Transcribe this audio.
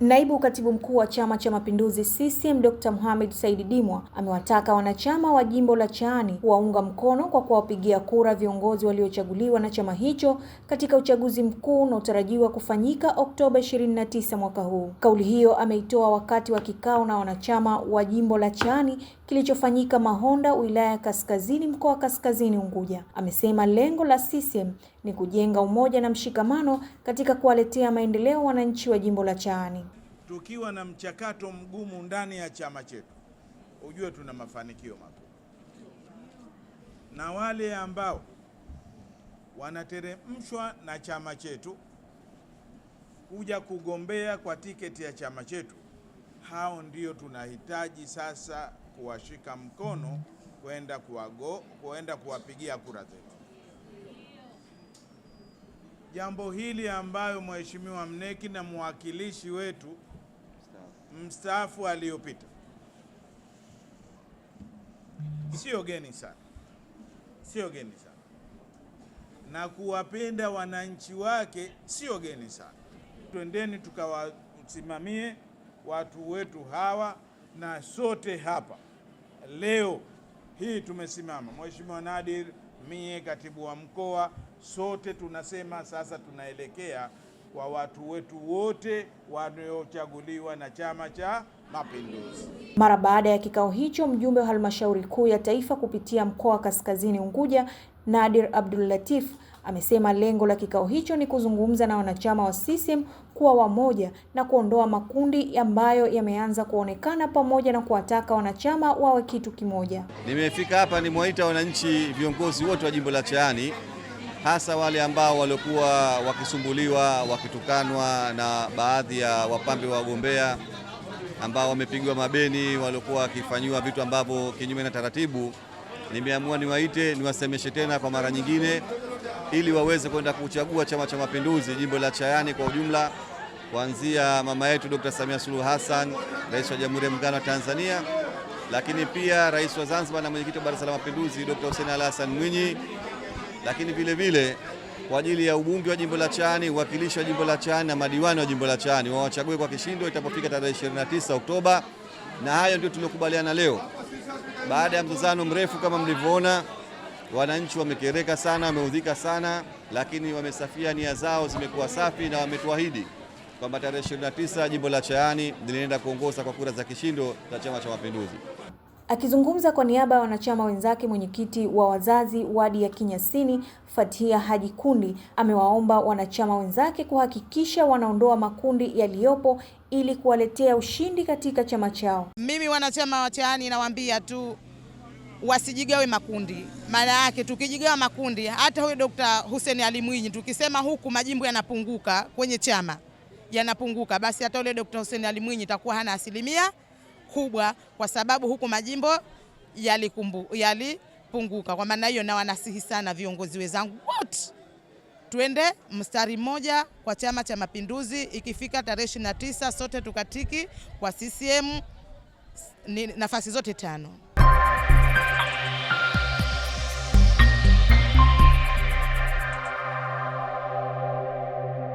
Naibu katibu mkuu wa Chama cha Mapinduzi CCM Dr. Mohamed Said Dimwa amewataka wanachama wa jimbo la Chaani kuwaunga mkono kwa kuwapigia kura viongozi waliochaguliwa na chama hicho katika uchaguzi mkuu unaotarajiwa kufanyika Oktoba 29 mwaka huu. Kauli hiyo ameitoa wakati wa kikao na wanachama wa jimbo la Chaani kilichofanyika Mahonda, wilaya ya Kaskazini, mkoa wa Kaskazini Unguja. Amesema lengo la CCM ni kujenga umoja na mshikamano katika kuwaletea maendeleo wananchi wa jimbo la Chaani. Tukiwa na mchakato mgumu ndani ya chama chetu, ujue tuna mafanikio makubwa, na wale ambao wanateremshwa na chama chetu kuja kugombea kwa tiketi ya chama chetu, hao ndio tunahitaji sasa kuwashika mkono kwenda kuenda kuwapigia kura zetu. Jambo hili ambayo Mheshimiwa Mneki na mwakilishi wetu mstaafu aliyopita sio geni sana, sio geni sana, na kuwapenda wananchi wake sio geni sana. Twendeni tukawasimamie watu wetu hawa na sote hapa leo hii tumesimama, Mheshimiwa Nadir, mie katibu wa mkoa, sote tunasema sasa tunaelekea kwa watu wetu wote wanaochaguliwa na Chama cha Mapinduzi. Mara baada ya kikao hicho, mjumbe wa halmashauri kuu ya taifa kupitia mkoa wa Kaskazini Unguja, Nadir Abdul Latif Amesema lengo la kikao hicho ni kuzungumza na wanachama wa CCM kuwa wamoja na kuondoa makundi ambayo yameanza kuonekana pamoja na kuwataka wanachama wawe kitu kimoja. Nimefika hapa nimewaita wananchi, viongozi wote wa jimbo la Chaani, hasa wale ambao waliokuwa wakisumbuliwa wakitukanwa na baadhi ya wapambe wa wagombea ambao wamepigwa mabeni, waliokuwa wakifanyiwa vitu ambavyo kinyume na taratibu. Nimeamua niwaite niwasemeshe tena kwa mara nyingine ili waweze kwenda kuchagua Chama cha Mapinduzi jimbo la Chayani kwa ujumla, kuanzia mama yetu Dr. Samia Suluhu Hassan, rais wa Jamhuri ya Muungano wa Tanzania, lakini pia rais wa Zanzibar na mwenyekiti wa Baraza la Mapinduzi Dr. Hussein Ali Hassan Mwinyi, lakini vile vile kwa ajili ya ubunge wa jimbo la Chani, uwakilishi wa jimbo la Chani na madiwani wa jimbo la Chani wawachague kwa kishindo itapofika tarehe 29 Oktoba. Na hayo ndio tuliokubaliana leo baada ya mzozano mrefu kama mlivyoona. Wananchi wamekereka sana, wameudhika sana, lakini wamesafia, nia zao zimekuwa safi na wametuahidi kwamba tarehe 29 jimbo la Chaani linaenda kuongoza kwa kura za kishindo za Chama cha Mapinduzi. Akizungumza kwa niaba ya wanachama wenzake, mwenyekiti wa wazazi wadi ya Kinyasini Fatia Haji Kundi amewaomba wanachama wenzake kuhakikisha wanaondoa makundi yaliyopo ili kuwaletea ushindi katika chama chao. Mimi wanachama wa Chaani nawaambia tu wasijigawe makundi. Maana yake tukijigawa makundi, hata huyo Dkt. Hussein Ali Mwinyi tukisema huku majimbo yanapunguka kwenye chama yanapunguka, basi hata ule Dr. Hussein Ali Mwinyi itakuwa hana asilimia kubwa, kwa sababu huku majimbo yalipunguka. Kwa maana hiyo, na wanasihi sana viongozi wenzangu wote tuende mstari mmoja kwa Chama cha Mapinduzi. Ikifika tarehe tisa sote tukatiki kwa CCM nafasi zote tano.